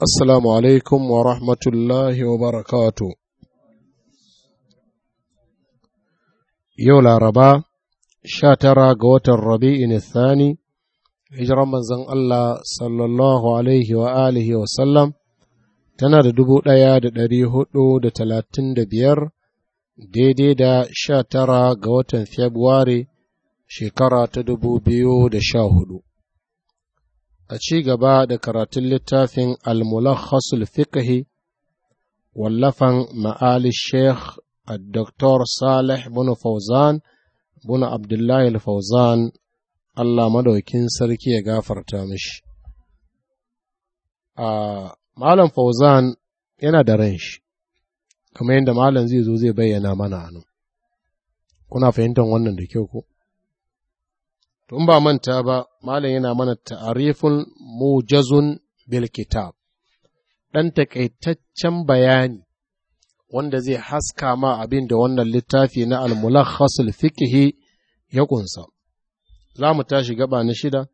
Assalamu alaikum wa rahmatullahi wa barakatu. Yau Laraba, sha tara ga watan Rabi'in Thani, hijiran manzon Allah sallallahu alaihi wa alihi wa sallam, tana da dubu ɗaya da ɗari hudu da talatin da biyar, daidai da sha tara ga watan Februari, shekara ta dubu biyu da sha hudu. a ci gaba da karatun littafin al-mulakhasul wallafan ma'ali sheikh الدكتور salih بن فوزان Fauzan عبد Abdullahi Fauzan, Allah madaukin sarki ya gafarta mishi. Malam Fauzan yana da ran shi, kamar yadda Malam zai zo zai bayyana mana nan. Kuna fahimtar wannan da kyau ko? in ba manta ba malam yana mana ta'arifun mujazun bil kitab ɗan takaitaccen bayani wanda zai haska ma abin da wannan littafi na al-mulakhasul fiqhi ya kunsa za mu tashi gaba na shida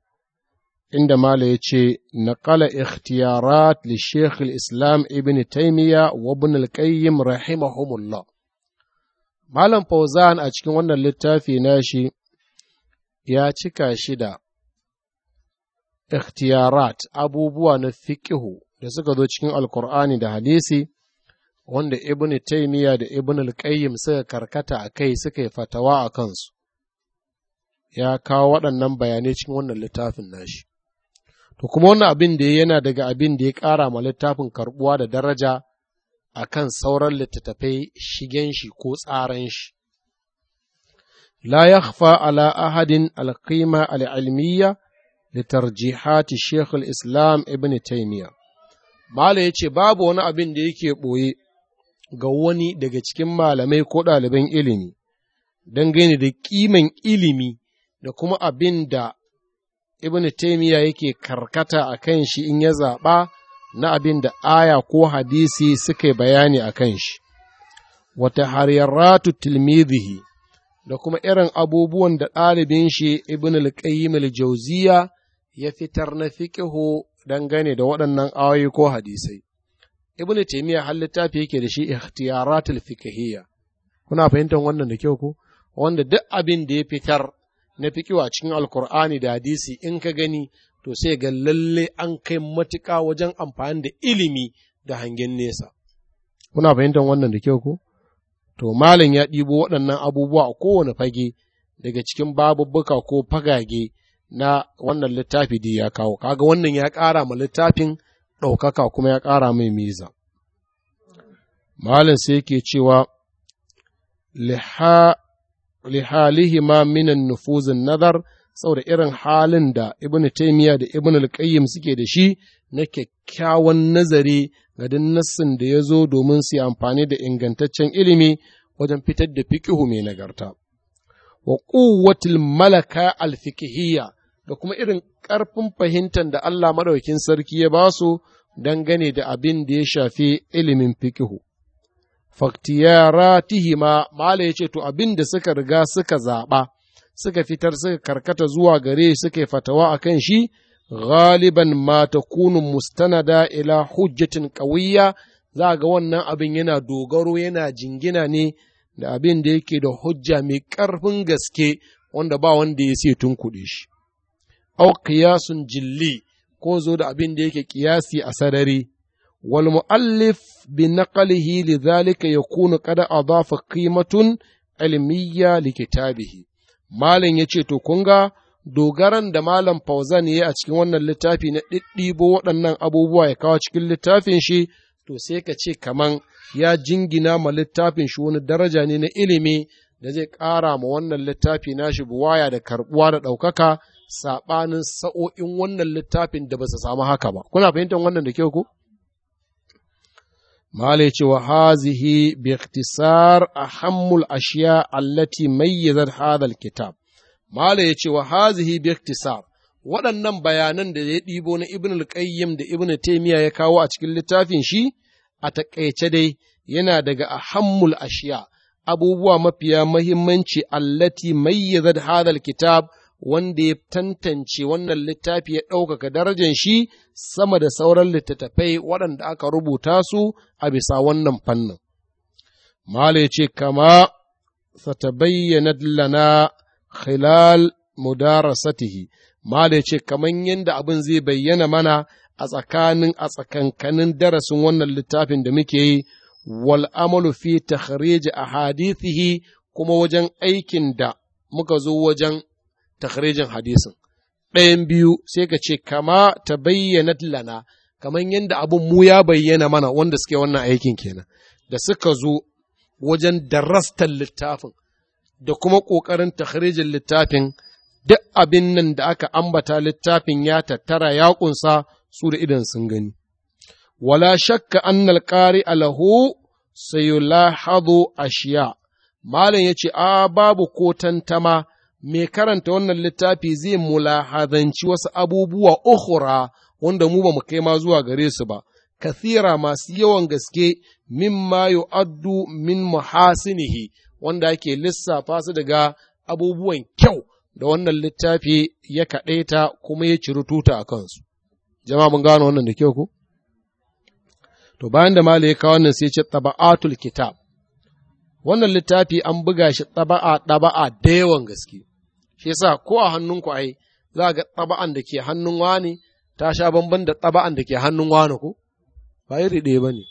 inda Malam ya ce naqala ikhtiyarat li sheikh islam ibn taymiya wa ibn al-qayyim rahimahumullah malam fauzan a cikin wannan littafi shi. ya cika shi da ikhtiyarat abubuwa na fiƙihu da suka zo cikin alkur'ani da hadisi wanda ibn taymiya da ibn alƙayyim suka karkata a kai suka yi fatawa a kansu ya kawo waɗannan bayanai cikin wannan littafin nashi to kuma wannan abin da yana daga abin da ya ƙara ma littafin karɓuwa da daraja a kan sauran littattafai shigen shi ko tsaran shi لا يخفى على أحد القيمة العلمية لترجيحات شيخ الإسلام ابن تيمية Mala ya Babu wani abin da yake ɓoye ga wani daga cikin malamai ko ɗaliban ilimi, dangane da ƙiman ilimi da kuma abin da Ibn Taymiyyah yake karkata a kan shi in ya zaɓa na abin da aya ko hadisi suka bayani a kan shi. Wata haryaratu tilmidihi da kuma irin abubuwan da ɗalibin shi ibn al-qayyim al-jauziya ya fitar na fiqihu dangane da waɗannan ayoyi ko hadisai ibn taymiya har littafi yake da shi al fiqhiyya kuna fahimtar wannan da kyau ko wanda duk abin da ya fitar na fiqihu a cikin alkur'ani da hadisi in ka gani to sai ga lalle an kai matuƙa wajen amfani da ilimi da hangen nesa kuna fahimtar wannan da kyau ko To, Malam ya ɗibo waɗannan abubuwa a kowane fage daga cikin babubbuka ko fagage na wannan littafi da ya kawo, kaga wannan ya ƙara ma littafin ɗaukaka kuma ya ƙara mai miza. Malam sai ke cewa, lihalihima minan nufuzin nazar saboda irin halin da Ibn taimiyya da Ibn al suke da shi na kyakkyawan nazari ga nassin da ya zo domin su yi amfani da ingantaccen ilimi wajen fitar da fikihu mai nagarta. Wa ƙuwatil malaka alfikihiyya da kuma irin ƙarfin fahimtar da Allah maɗaukin sarki ya ba su dangane da abin da ya shafi ilimin fiƙihu. Faktiyaratihima Mala ya ce, To abin da suka riga suka zaɓa, suka fitar suka karkata zuwa gare suka fatawa a kan shi, غالبا ما تكون مستندا الى حجة قوية za ga wannan abin yana dogaro yana jingina ne da abin da yake da hujja mai ƙarfin gaske wanda ba wanda ya tun kuɗi shi. Au qiyasun jilli ko zo da abin da yake kiyasi a sarari, wal mu'allif bi naqlihi li zalika yakunu qad adafa qimatun ilmiyya li kitabihi. Malam yace to kunga. dogaran da Malam Fauzan ya yi a cikin wannan littafi na ɗiɗɗibo waɗannan abubuwa ya kawo cikin littafin shi, to sai ka ce kaman ya jingina ma littafin shi wani daraja ne na ilimi da zai ƙara ma wannan littafi nashi buwaya da karɓuwa da ɗaukaka saɓanin sa'o'in wannan littafin da ba su samu haka ba. Kuna fahimtar wannan da kyau ko? Malai wa hazihi bi ikhtisar ahammul ashiya allati mayyazat hadal kitab Mala ya ce wa hazihi bi waɗannan bayanan da ya ɗibo na Ibn al-Qayyim da Ibn Taymiyyah ya kawo a cikin littafin shi a taƙaice dai yana daga ahammul ashiya abubuwa mafiya mahimmanci allati mayyazat hadal kitab wanda ya tantance wannan littafi ya ɗaukaka darajar shi sama da sauran littattafai waɗanda aka rubuta su a bisa wannan fannin. Mala ya ce, Kama, ta bayyana lana khilal mudarasatihi mala ce kaman yanda abin zai bayyana mana a tsakanin a tsakankanin darasin wannan littafin da muke yi wal amalu fi takhrij ahadithihi kuma wajen aikin da muka zo wajen takhrijin hadisin ɗayan biyu sai ka ce kama ta bayyana lana kaman yadda abin mu ya bayyana mana wanda suke wannan aikin kenan da suka zo wajen darastar littafin da kuma ƙoƙarin takharijin littafin duk abin nan da aka ambata littafin ya tattara ya ƙunsa su da idan sun gani. Wala shakka annal ƙari alahu lahazo ashiya. Malam ya ce, A babu ko tantama, mai karanta wannan littafi zai mulahazanci wasu abubuwa uhura wanda mu ba mu kai ma zuwa gare su ba, kathira masu yawan gaske min mayo, addu, min muhasinihi wanda ake lissafa su daga abubuwan kyau da wannan littafi ya ta kuma ya ciri tuta a kansu. Jama'a mun gano wannan da kyau ku? To bayan da Malam ya kawo wannan sai ce taba'atul kitab. Wannan littafi an buga shi taba'a taba'a da yawan gaske. Shi yasa ko a hannunku ai za ga taba'an da ke hannun wani ta sha bamban da taba'an da ke hannun wani ku? Ba iri ɗaya ba ne.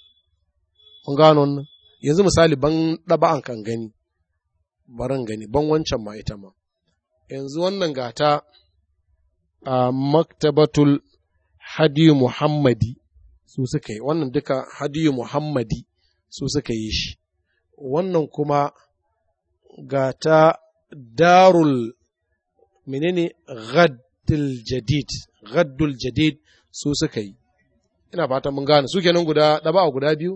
Mun gano wannan. Yanzu misali ban taba'an kan gani. Baran gani ban wancan ma ita ma yanzu wannan gata a maktabatul hadiyu muhammadi su suka yi wannan duka hadiyu muhammadi su suka yi shi wannan kuma gata darul menene gaddul jadid gaddul jadid su suka yi ina fata mun gane su kenan guda ɗaba a guda biyu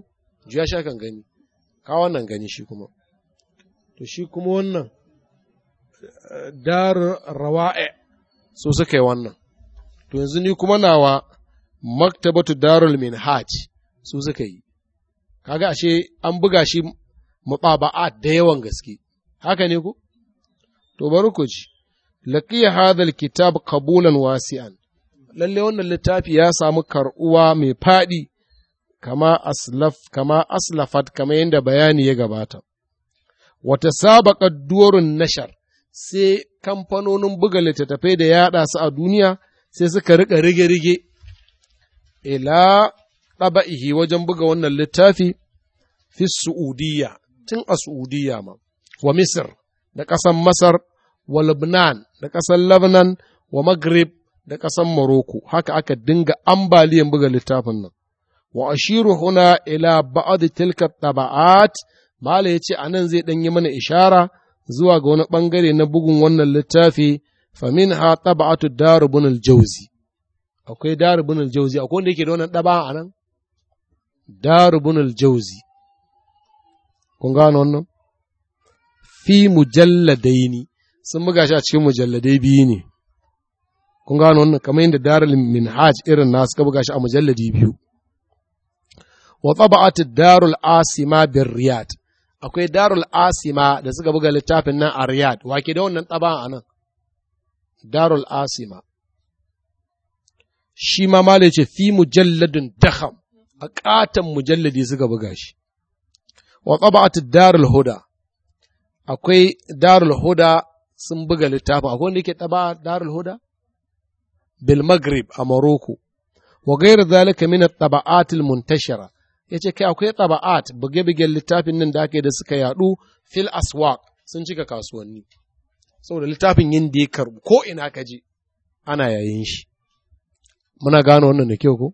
juya sha kan gani ka wannan gani shi kuma to shi kuma wannan dar rawa'e su suka yi wannan to yanzu ni kuma nawa maktabatu darul minhaj su suka yi kaga ashe an buga shi mababa'at da yawan gaske haka ne ku to bari ku ji laqiya hadhal kitab qabulan wasi'an lalle wannan littafi ya samu kar'uwa mai fadi kama aslaf kama aslafat kama yadda bayani ya gabata wata saba duwarun nashar sai kamfanonin buga littattafai da yaɗa su a duniya sai suka rika rige-rige ila ɗaba'ihi wajen buga wannan littafi fi Su'udiyya tun a Su'udiyya ma wa Misir da ƙasar Masar wa Lubnan, da ƙasar Lebanon wa Maghrib da ƙasar Morocco haka aka dinga ambaliyan buga littafin nan wa ashiru huna ila ba'd tilka taba'at Bala ya ce a nan zai ɗan yi mana ishara zuwa ga wani ɓangare na bugun wannan littafi famin ha taba'atu darubun aljauzi akwai darubun aljauzi akwai wanda yake da wannan ɗaba a nan darubun aljauzi kun gano wannan fi ne, sun buga shi a cikin mujalladai biyu ne kun gano wannan kamar yadda darul hajj irin nasu ka buga shi a mujalladi biyu wa taba'at darul asima bin riyad akwai darul asima da suka buga littafin nan a riyad wake da wannan taba a nan darul asima shi ma malai ce fi mujalladin daham a katon mujalladi suka buga shi wa tabatu darul huda akwai darul huda sun buga littafin akwai wanda yake taba darul huda bil maghrib a Maroko. wa gairar zalika min at-taba'at al muntashara ya ce kai akwai taba'at buge-bugen littafin nan da aka yi da suka yadu fil aswaq sun cika kasuwanni saboda littafin yin da ya karbu ko ina ka je ana yayin shi muna gano wannan da kyau ko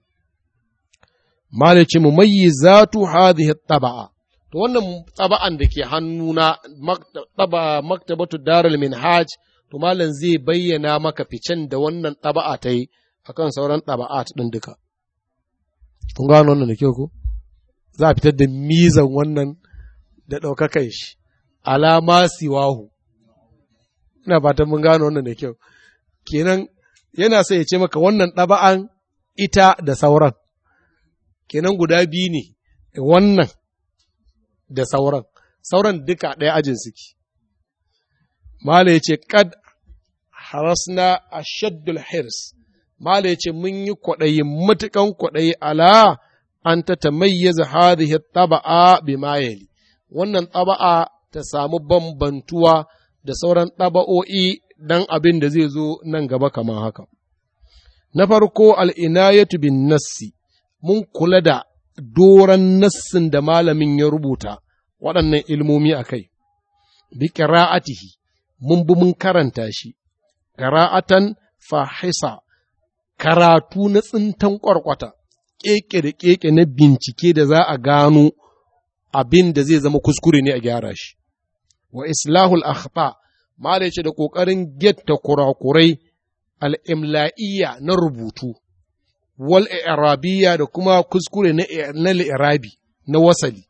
malici mu mayyizatu hadhihi taba'a to wannan taba'an da ke hannuna maktaba maktabatu darul minhaj to malam zai bayyana maka ficen da wannan taba'a ta yi akan sauran taba'at din duka kun gano wannan da kyau ko za a fitar da mizan wannan da ɗaukakan shi alama siwahu ina fatan mun gano wannan da kyau kenan yana sai ya ce maka wannan ɗaba'an ita da sauran kenan guda biyu ne wannan da sauran sauran duka ɗaya ajin suke mala ya ce kad harasna a shaddul hirs mala ya ce mun yi kwaɗayi matuƙan kwaɗayi ala an ta tamayyaza hadhihi taba'a bima yali wannan taba'a ta samu bambantuwa da sauran taba'o'i dan abin da zai zo nan gaba kamar haka na farko al'inayatu bin nassi mun kula da doron nassin da malamin ya rubuta waɗannan ilmomi a kai bi ƙira'atihi mun bi mun karanta shi ƙira'atan fahisa karatu na tsintan ƙwarƙwata ƙeƙe da keke na bincike da za a gano abin da zai zama kuskure ne a gyara shi wa islahul akhta mala ce da kokarin getta kurakurai al'imla'iyya na rubutu wal arabiya da kuma kuskure na al’irabi na wasali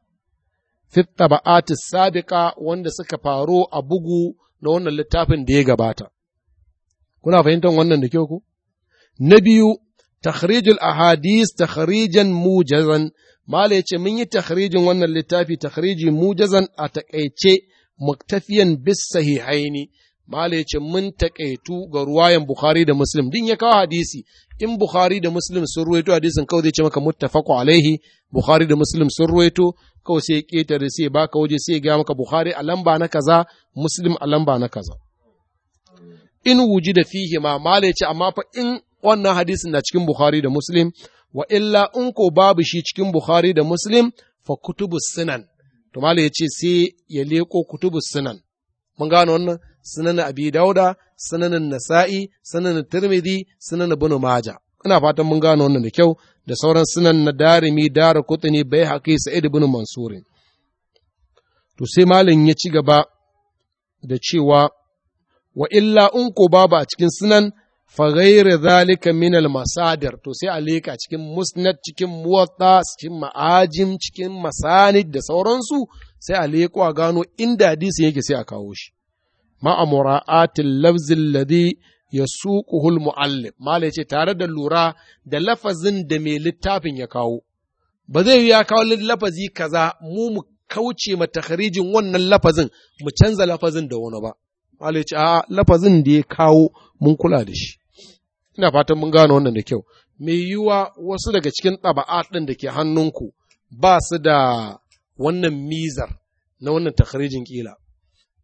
fit taba'atis sabiqa wanda suka faro a bugu na wannan littafin da ya gabata kuna fahimtar wannan da kyau ku na biyu takhrijul ahadis takhrijan mujazan mala yace mun yi takhrijin wannan littafi takhriji mujazan a takaice muktafiyan bis sahihaini mala yace mun takaitu ga ruwayan bukhari da muslim din ya kawo hadisi in bukhari da muslim sun ruwaito hadisin kawai zai ce maka muttafaqu alaihi bukhari da muslim sun ruwaito kawai sai ƙetare sai baka waje sai gaya maka bukhari a lamba na kaza muslim a lamba na kaza in wuji da fihi ma mala amma fa in wannan hadisin na cikin Bukhari da Muslim, wa illa in ko babu shi cikin Bukhari da Muslim fa kutubus sunan. To ya ce sai ya leko kutubus sunan. Mun gano wannan sunan Abi Dauda, sunan Nasa'i, sunan Tirmidhi, sunan Ibn Majah. Ina fatan mun gano wannan da kyau da sauran sunan na Darimi, Dara Kutni, Baihaqi, Sa'id ibn Mansurin. To sai malin ya ci gaba da cewa wa illa in ko babu a cikin sunan faghairi zalika min masadir to sai a leƙa cikin musnad cikin muwatta cikin ma'ajim cikin masanid da sauransu sai a leƙo a gano inda hadisi yake sai a kawo shi ma'a mura'atil lafzil ladhi yasuquhul muallif mala yace tare da lura da lafazin da mai littafin ya kawo ba zai yi ya kawo lafazi kaza mu mu kauce ma takharijin wannan lafazin mu canza lafazin da wani ba mala yace a'a lafazin da ya kawo mun kula da shi ina fatan mun gano wannan da kyau mai yiwuwa wasu daga cikin ɗaba'a ɗin da ke hannunku ba su da wannan mizar na wannan takharijin ƙila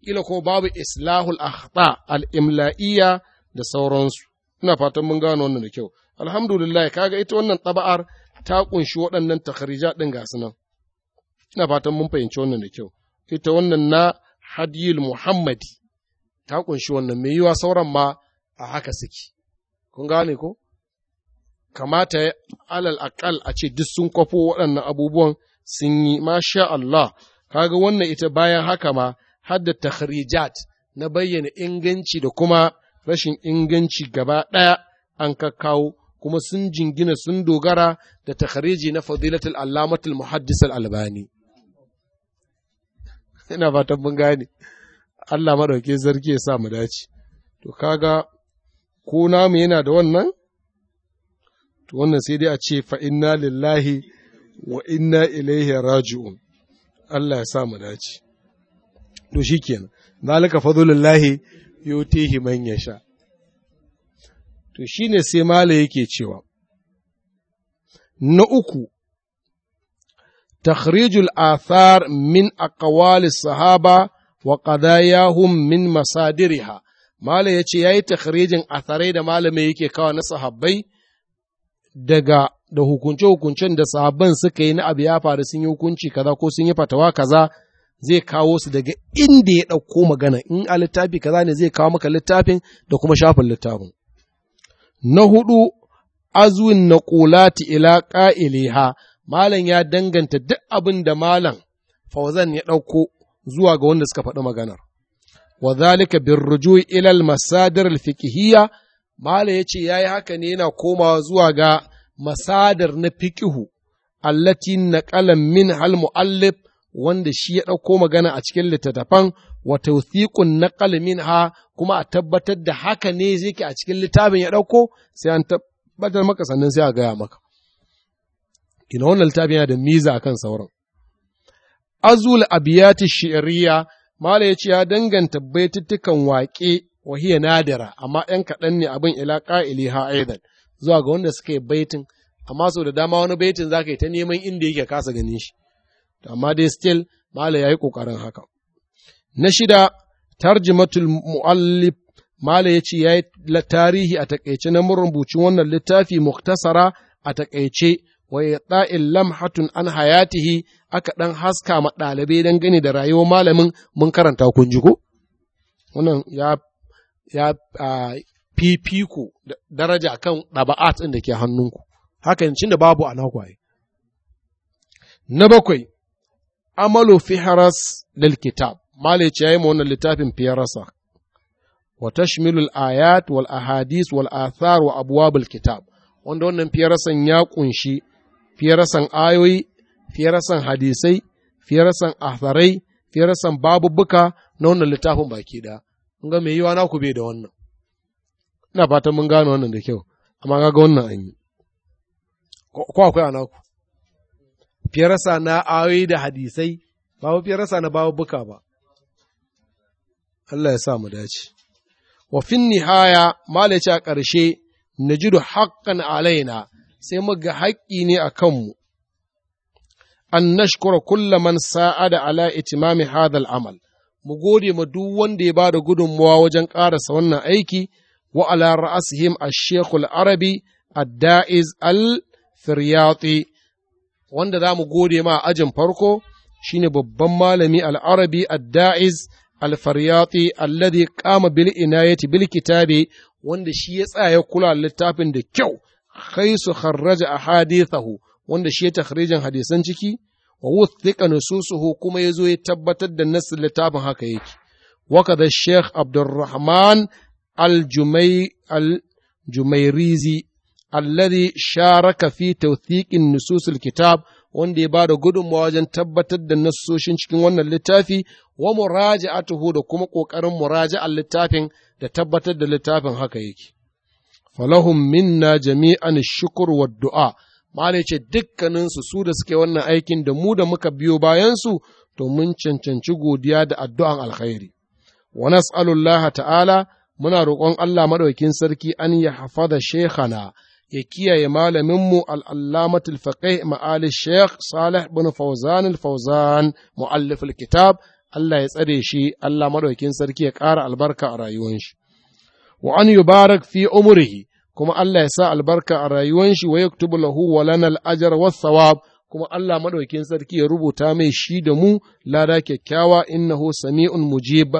ƙila ko babu islahul akhta al-imla'iyya da sauransu ina fatan mun gano wannan da kyau alhamdulillah kaga ita wannan ɗaba'ar ta kunshi waɗannan takharija ɗin ga nan ina fatan mun fahimci wannan da kyau ita wannan na hadiyul muhammadi ta kunshi wannan mai yiwa sauran ma a haka suke kun gane ko kamata ya alal akal a ce duk sun kwafo waɗannan abubuwan sun yi masha Allah kaga wannan ita bayan haka ma hadda da takhrijat na bayyana inganci da kuma rashin inganci gaba ɗaya an kakkawo kuma sun jingina sun dogara da takhariji na fadilatul allamatul muhaddis albani ina fatan gane Allah maɗauke zargi ya sa mu dace to kaga ko namu yana da wannan? To wannan sai dai a ce fa'inna lillahi wa inna ilaihi raji'un, Allah ya sa mu dace. To shi kenan, na zalika lillahi yotehi man ya sha. To shi ne sai mala yake cewa, Na uku, تخريج الآثار من أقوال الصحابة وقضاياهم من مصادرها Malam ya ce ya yi takharijin tare da malamai yake kawo na sahabbai daga da hukunce-hukuncen da sahabban suka yi na abu ya faru sun yi hukunci kaza ko sun yi fatawa kaza zai kawo su daga inda ya ɗauko magana in a littafi kaza ne zai kawo maka littafin da kuma shafin littafin. Na hudu azuwin na kulati ila ƙa'iliha malam ya danganta duk abin da malam fauzan ya ɗauko zuwa ga wanda suka faɗi maganar. Wazalika zalika birruju ila al-masadir al-fiqhiyya mala yace yayi haka ne yana komawa zuwa ga masadar na fiqhu allati naqala min hal muallif wanda shi ya ɗauko magana a cikin littattafan wa tawthiqun naqal minha kuma a tabbatar da haka ne zai ke a cikin littafin ya ɗauko sai an tabbatar maka sannan sai a gaya maka ina wannan littafin yana da miza akan sauran azul abiyati shi'riya Mala ya ce ya danganta baituttukan waƙe wahiya nadira, amma ‘yan kaɗan ne abin ila ƙa'ili ha'idan zuwa ga wanda suka yi baitin, amma sau da dama wani baitin za ka yi ta neman inda yake kasa ganin shi. Amma dai still, Mala ya yi ƙoƙarin haka. Na shida, tarjimatul mu'allif Mala ya ce ya yi tarihi a taƙaice na marubucin wannan littafi muktasara a taƙaice. wa yata'il lamhatun an hayatihi aka ɗan haska ma ɗalibai dan gani da rayuwar malamin mun karanta kun ji ko wannan ya ya fifiko daraja kan ɗaba'at ɗin da ke hannunku haka cin da babu a na bakwai amalu fi haras lil kitab malice yayi wannan littafin harasa wa tashmilul ayat wal ahadis wal athar wa al kitab wanda wannan fiyarasan ya kunshi fiye rasan ayoyi, fiye rasan hadisai, fiye rasan atharai, fiye rasan babubuka na wannan littafin baki da. Mun ga mai yiwa naku bai da wannan. Ina fatan mun gane wannan da kyau, amma ga wannan an yi. Ko akwai a naku? Fiye rasa na ayoyi da hadisai, ba fiye rasa na babubuka ba. Allah ya sa mu dace. Wa fin nihaya, malaci a ƙarshe, najidu haƙƙan alaina, sai maga haƙƙi ne a kanmu, an nashkura kullaman Sa'a da ala itimami hadal amal, mu gode ma duk wanda ya ba da gudunmawa wajen ƙarasa wannan aiki, wa ala ra'asihim a shekul arabi a da'iz al firyati wanda za mu gode ma ajin farko shine babban malami al-arabi ad-da'iz al-faryati alladhi kama bil inayati bil kitabi wanda shi ya tsaya kula littafin da kyau haisu kharraja ahadithahu wanda shi ya takhrijin hadisan ciki wa wuthiqa nususuhu kuma yazo ya tabbatar da nas littafin haka yake wa kadha Sheikh Abdurrahman al-Jumairizi alladhi sharaka fi tawthiqin nususul kitab wanda ya bada gudunmawa wajen tabbatar da nassoshin cikin wannan littafi wa muraja'atuhu da kuma kokarin muraja'ar littafin da tabbatar da littafin haka yake falahum minna jami'an shukur wa du'a malai ce dukkaninsu su da suke wannan aikin da mu da muka biyo bayansu to mun cancanci godiya da addu'an alkhairi wa nas'alullah ta'ala muna roƙon Allah madaukin sarki an ya hafaza shekhana ya kiyaye malaminmu al'allamatul faƙai ma'ali Sheikh Salih bin Fauzan al-Fauzan mu'allif kitab Allah ya tsare shi Allah madaukin sarki ya ƙara albarka a rayuwan shi wa an yubarak fi umrihi kuma Allah ya sa albarka a rayuwan shi wa yaktubu lahu wa lana al-ajr wa thawab kuma Allah madaukin sarki ya rubuta mai shi da mu lada kyakkyawa innahu sami'un mujib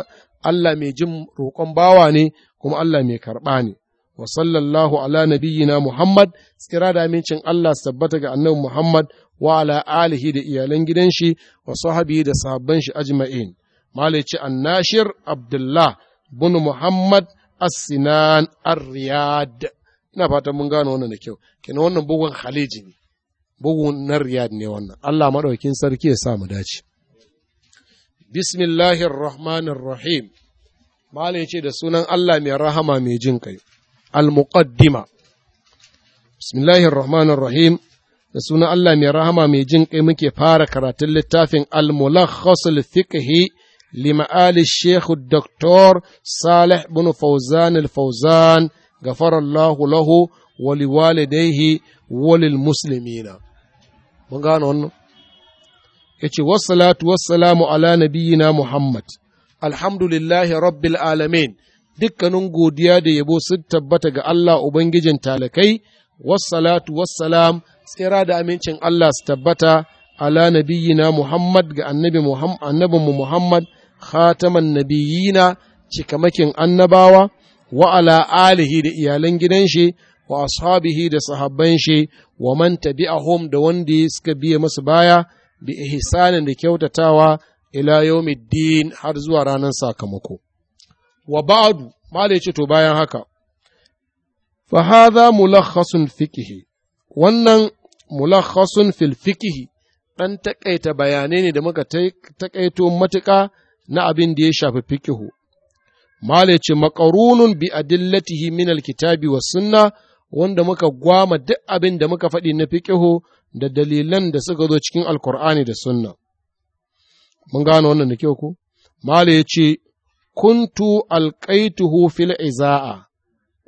Allah mai jin roƙon bawa ne kuma Allah mai karɓa ne wa sallallahu ala nabiyyina Muhammad tsira da amincin Allah tabbata ga annabi Muhammad wa ala alihi da iyalan gidan shi wa sahabi da sahabban shi ajma'in malai annashir Abdullah bin Muhammad as-Sinan ina fatan mun gane wannan da kyau kenan wannan bugun haleji ne bugun na riyad ne wannan Allah madaukin sarki ya sa mu dace bismillahir rahmanir rahim malai ce da sunan Allah mai rahama mai jin kai al muqaddima bismillahir rahmanir rahim da sunan Allah mai rahama mai jin kai muke fara karatun littafin al al fiqhi لمعالي الشيخ الدكتور صالح بن فوزان الفوزان ghafarallahu lahu wa liwalidayhi wa lil muslimina mun gano wannan yace wassalatu wassalamu ala nabiyyina muhammad alhamdulillahi rabbil alamin dukkanin godiya da yabo sun tabbata ga Allah ubangijin talakai wassalatu wassalam tsira da amincin Allah su tabbata ala nabiyyina muhammad ga annabi muhammad annabinmu muhammad khataman nabiyina cikamakin annabawa Wa'ala, alihi da iyalan gidan shi wa ashabihi da sahabban shi wa man tabi'ahum da wanda suka biye masu baya bi ihsanin da kyautatawa ila yawmiddin har zuwa ranar sakamako wa ba'adu mala to bayan haka fa hadha mulakhasun fiqhi wannan mulakhasun fil fiqhi ɗan takaita bayanai ne da muka taƙaito matuƙa na abin da ya shafi fikihu Mala ce makarunun bi adillatihi min alkitabi wa sunna wanda muka gwama duk abin da muka faɗi na fiƙihu da dalilan da suka zo cikin alkur'ani da sunna. Mun gano wannan da kyau ko? Mala ya ce, Kuntu alƙaituhu fil iza'a,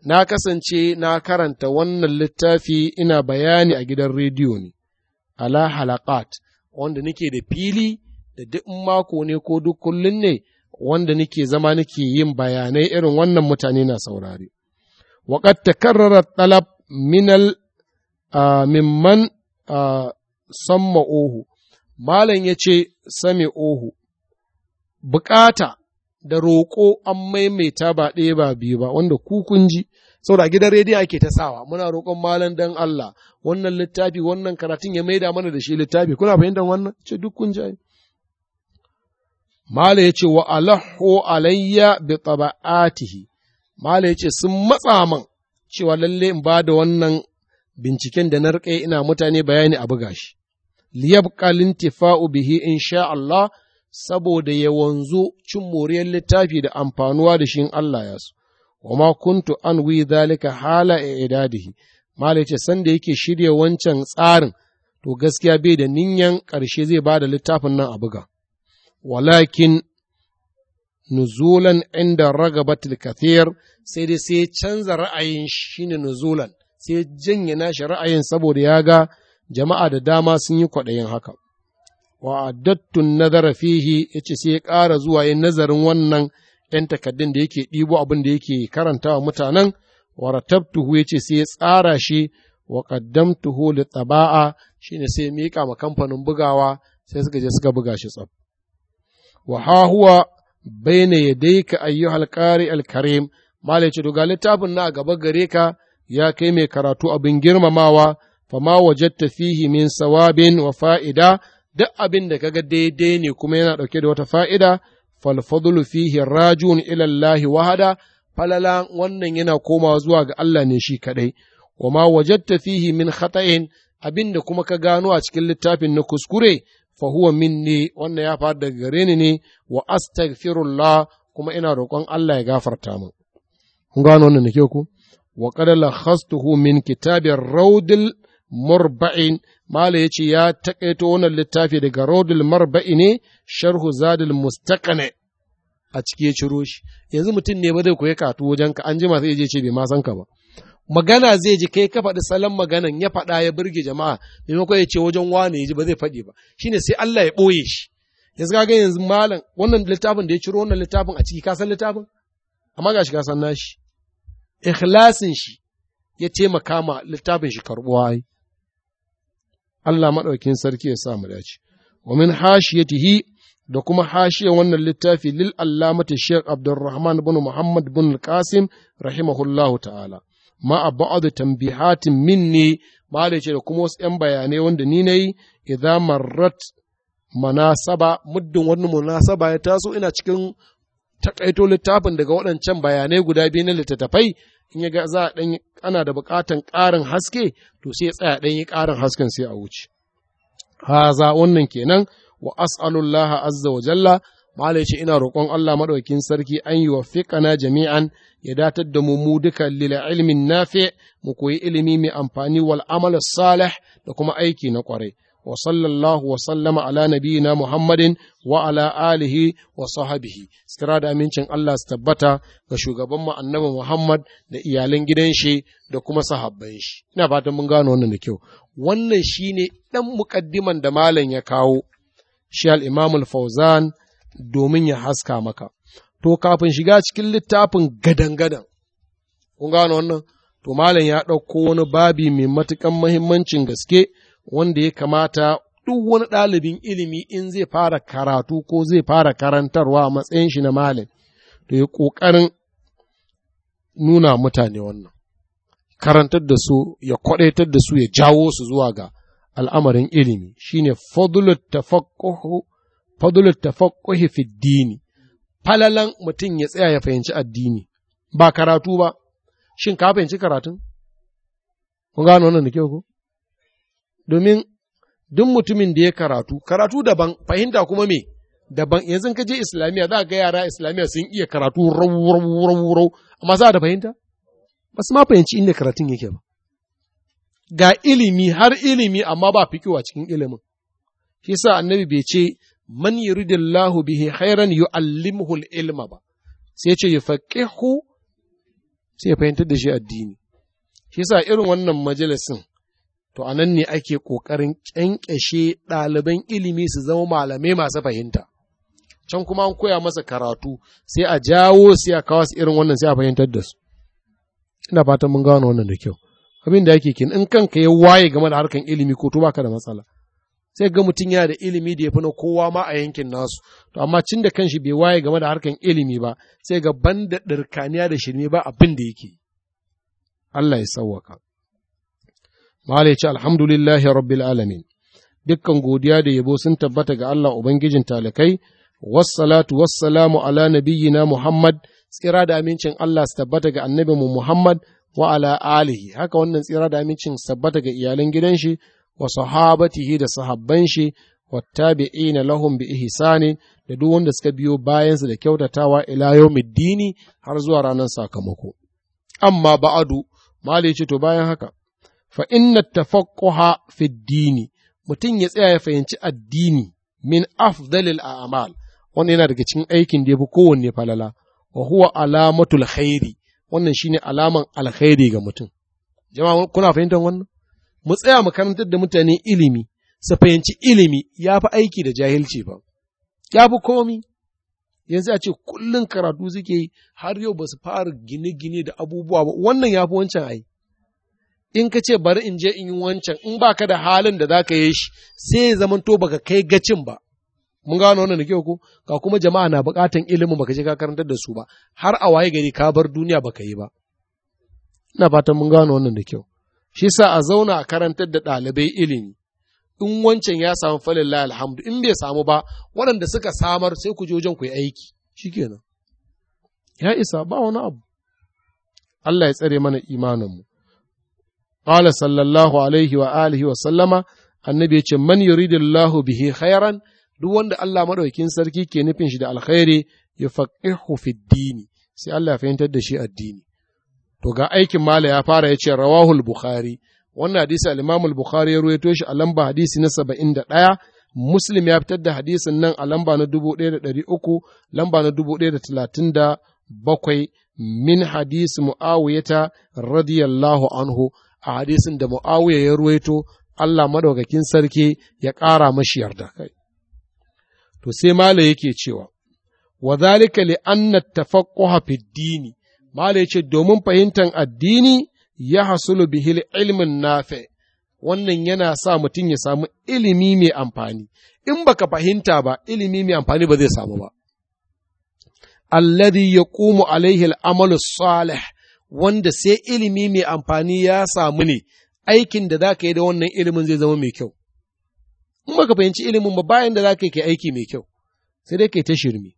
na kasance na karanta wannan littafi ina bayani a gidan rediyo ne, ala halakat, wanda nake da fili da duk mako ne ko duk kullun ne wanda nake zama nake yin bayanai irin wannan mutane na saurare وقد تكرر الطلب من ال samma ohu, آه ya ce يجي ohu, bukata da roƙo an maimaita ba ɗaya ba biyu ba wanda kukun kun ji saboda gidan rediyo ake ta sawa muna roƙon malam dan Allah wannan littafi wannan karatun ya maida mana da shi littafi kuna fahimtar wannan ce duk kun ji Mala ya ce wa alahu alayya bi taba'atihi, Mala ya ce sun matsa man cewa lalle in ba da wannan binciken da na riƙe ina mutane bayani a buga shi. Liyabqa lintifa'u bihi in sha Allah saboda ya wanzu cin moriyar littafi da amfanuwa da shi in Allah ya so. Wa ma kuntu an wi zalika hala e idadihi. Mala ya ce sanda yake shirya wancan tsarin to gaskiya bai da ninyan ƙarshe zai ba da littafin nan a buga. walakin nuzulan inda ragabatul kathir sai dai sai canza ra'ayin shine nuzulan sai janye nashi ra'ayin saboda ya ga jama'a da dama sun yi kwaɗayin haka wa addattun nazara fihi yace sai ya ƙara zuwa yin nazarin wannan ɗan takaddun da yake ɗibo abin da yake karantawa mutanen wa ratabtuhu yace sai ya tsara shi wa qaddamtuhu li taba'a shine sai mika ma kamfanin bugawa sai suka je suka buga shi tsaf wa ha huwa ya yadayka ayyuhal qari al karim malai ce ga littafin na a gaba gare ka ya kai mai karatu abin girmamawa fama wajatta sawabin wa fa'ida duk abin da kaga daidai ne kuma yana ɗauke da wata fa'ida falfadulu fihi rajun ilallahi wahada falala wannan yana komawa zuwa ga Allah ne shi kaɗai wa ma wajatta fihi min khata'in abin da kuma ka gano a cikin littafin na kuskure fa minni wannan ya faru daga gare ni ne wa astaghfirullah kuma ina roƙon Allah ya gafarta min kun gano wannan nake ku wa qad lakhastuhu min kitabir rawdil marba'in mala yace ya takaito wannan littafi daga rawdil marba'i ne sharhu zadil mustaqane a ciki ya ciro shi yanzu mutum ne ba zai koyi katu wajenka ka an jima sai ya je ce bai ma san ka ba magana zai ji kai ka faɗi salon maganan ya faɗa ya birge jama'a maimakon ya ce wajen wane ya ji ba zai faɗi ba shine sai Allah ya ɓoye shi yanzu kaga yanzu malam wannan littafin da ya ciro wannan littafin a ciki ka littafin amma ga ka san nashi ikhlasin shi ya taimaka ma littafin shi karɓuwa ai Allah maɗaukin sarki ya sa mu dace wa min hashiyatihi da kuma hashiyar wannan littafi lil allamati Sheikh Abdulrahman bin Muhammad bin Qasim rahimahullahu ta'ala a ba'adu tambihatin minni malai ce da kuma wasu ‘yan bayanai wanda ni na yi idan marat manasaba muddin wani munasaba ya taso ina cikin takaito littafin daga waɗancan bayanai guda biyu na littattafai in ya ga za a ana da buƙatan ƙarin haske to sai ya tsaya ɗan yi ƙarin hasken sai a wuce haza wannan kenan wa as'alullaha azza wa Malai ce ina roƙon Allah maɗaukin sarki an yi wa fiƙana jami'an ya datar da mu mu duka lila ilmin nafi mu koyi ilimi mai amfani wal amal salih da kuma aiki na ƙwarai. Wa sallallahu wa sallama ala nabiyina Muhammadin wa ala alihi wa sahabihi. Sitira da amincin Allah su tabbata ga shugaban mu annabi Muhammad da iyalan gidan shi da kuma sahabban shi. Ina fatan mun gano wannan da kyau. Wannan shine ɗan mukaddiman da malam ya kawo. Shi al fauzan domin ya haska maka. To, kafin shiga cikin littafin gadan-gadan, kun gano wannan, to, malam ya ɗauko wani babi mai matuƙan mahimmancin gaske wanda ya kamata duk wani ɗalibin ilimi in zai fara karatu ko zai fara karantarwa matsayin shi na malam, to ya ƙoƙarin nuna mutane wannan, karantar da su, ya kwaɗaitar da su, ya jawo su zuwa ga al'amarin ilimi, shine fadlul tafaqquhu fadlu tafaqquhi fi dini falalan mutum ya tsaya ya fahimci addini ba karatu ba shin ka fahimci karatun kun gano wannan da kyau ko domin duk mutumin da ya karatu karatu daban fahimta kuma me daban yanzu ka je Islamiya za ga yara Islamiya sun iya karatu rawurawurawurawu amma za da fahimta ba su ma fahimci inda karatun yake ba ga ilimi har ilimi amma ba fikiwa cikin ilimin shi sa annabi bai ce man yuridillahu bihi khairan yu'allimuhu al-ilma ba sai ce yafaqihu sai fahimtar da shi addini shi yasa irin wannan majalisin to anan ne ake kokarin kyankyashe ɗaliban ilimi su zama malamai masu fahimta can kuma an koya masa karatu sai a jawo sai a kawo su irin wannan sai a fahimtar da su ina fatan mun gano wannan da kyau abin da yake kin in kanka ya waye game da harkan ilimi ko to baka da matsala sai ga mutum yana da ilimi da ya fi na kowa ma a yankin nasu to amma cin da kanshi bai waye game da harkan ilimi ba sai ga ban da ɗirkaniya da shirme ba abin da yake Allah ya sauwaka Malai ce alhamdulillahi rabbil alamin dukkan godiya da yabo sun tabbata ga Allah ubangijin talakai wassalatu wassalamu ala nabiyyina Muhammad tsira da amincin Allah su tabbata ga annabinmu Muhammad wa ala alihi haka wannan tsira da amincin tabbata ga iyalan gidan shi wa sahabatihi da sahabban shi wattabi'ina lahum bi ihsani da duk wanda suka biyo bayansu da kyautatawa ila dini har zuwa ranar sakamako amma ba'adu mali ce to bayan haka fa inna tafaqquha fi dini mutum ya tsaya ya fahimci addini min afdalil a'mal wannan yana daga cikin aikin da yafi kowanne falala wa huwa alamatul khairi wannan shine alaman alkhairi ga mutum jama'a kuna fahimtar wannan mu tsaya mu karantar da mutane ilimi su fahimci ilimi ya fi aiki da jahilci ba ya fi komi yanzu a ce kullum karatu suke yi har yau ba su fara gine-gine da abubuwa ba wannan ya fi wancan ai in ka ce bari in je in yi wancan in ba ka da halin da za ka yi shi sai ya zama to baka kai gacin ba mun gano wannan da kyau ko ka kuma jama'a na bukatan ilimin baka je ka karantar da su ba har a waye gari ka bar duniya baka yi ba ina fatan mun gano wannan da kyau shi sa a zauna a karantar da ɗalibai ilimi in wancan ya samu falilla alhamdu in bai samu ba waɗanda suka samar sai ku je wajen ku yi aiki shikenan ya isa ba wani abu Allah ya tsare mana imaninmu qala sallallahu alaihi wa alihi wa sallama annabi ya ce man yuridillahu bihi khairan duk wanda Allah madaukakin sarki ke nufin shi da alkhairi ya faqihu fi dini sai Allah ya fahimtar da shi addini to ga aikin mala ya fara ya ce rawahul bukhari wannan hadisi al-imam al-bukhari ya ruwaito shi a lamba hadisi na 71 muslim ya fitar da hadisin nan a lamba na 1300 lamba na bakwai, min hadisi muawiyata radiyallahu anhu a hadisin da muawiya ya ruwaito Allah madaukakin sarki ya ƙara mashi yarda kai to sai mala yake cewa wa zalika li anna tafaqquha fid dini Malai ce, domin fahimtar addini ya hasulu bihil ilmin nafe, wannan yana sa mutum ya samu ilimi mai amfani, in baka fahimta ba, ilimi mai amfani ba zai samu ba. Alladhi ya ƙumu alaihil amalu salih wanda sai ilimi mai amfani ya samu ne, aikin da za ka yi da wannan ilimin zai zama mai kyau. In baka fahimci ilimin ba bayan da za ka yi aiki mai kyau, sai dai ka yi ta shirmi.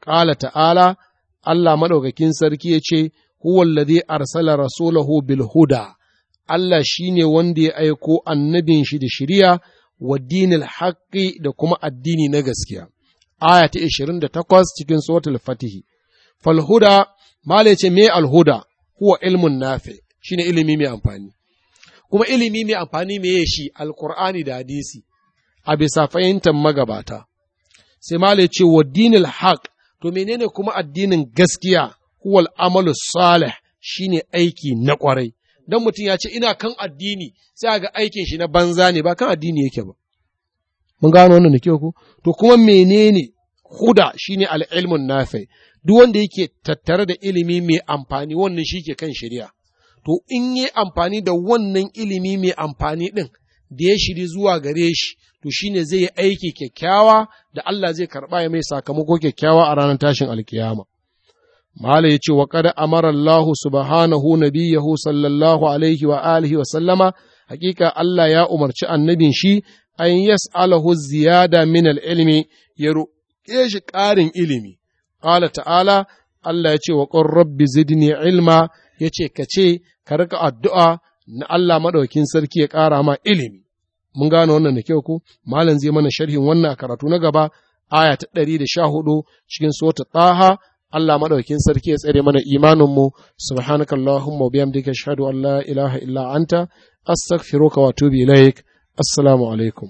Ƙala ta'ala, Allah maɗaukakin sarki ya ce, Huwallazi arsala rasulahu bil huda, Allah shi ne wanda ya aiko annabin shi da shirya wa dinil haƙƙi da kuma addini na gaskiya. Aya ta takwas cikin suratul Fatihi. Falhuda, Mala ce me alhuda, huwa ilmun nafe. shi ne ilimi mai amfani. Kuma ilimi mai amfani me ya shi, alkur'ani da hadisi, a bisa fahimtar magabata. Sai Mala ce wa dinil haƙ to menene kuma addinin gaskiya huwal amalu salih shine aiki na kwarai dan mutum ya ce ina kan addini sai ga aikin shi na banza ne ba kan addini yake ba mun gano wannan da ku to kuma menene huda shine al-ilmun nafi duk wanda yake tattare da ilimi mai amfani wannan shi ke kan shari'a to in yi amfani da wannan ilimi mai amfani ɗin da ya shiri zuwa gare shi to shi ne zai yi aiki kyakkyawa da Allah zai karɓa ya mai sakamako kyakkyawa a ranar tashin alkiyama. Malam ya ce wa kada amara Allah subhanahu nabiyahu sallallahu alaihi wa alihi wa sallama hakika Allah ya umarci annabin shi an alahu ziyada min al’ilmi ya roƙe shi ƙarin ilimi. Ƙala ta'ala Allah ya ce wa ƙon rabbi zidni ilma Ya ce ka ce rika addu'a na Allah maɗaukin sarki ya ƙara ma ilimi. mun gane wannan da kyau ko malam zai mana sharhin wannan karatu na gaba aya ta ɗari da sha hudu cikin sota ɗaha Allah maɗaukin sarki ya tsare mana imaninmu subhanaka allahumma wa bihamdika ashhadu an la ilaha illa anta astaghfiruka wa atubu ilaik assalamu alaikum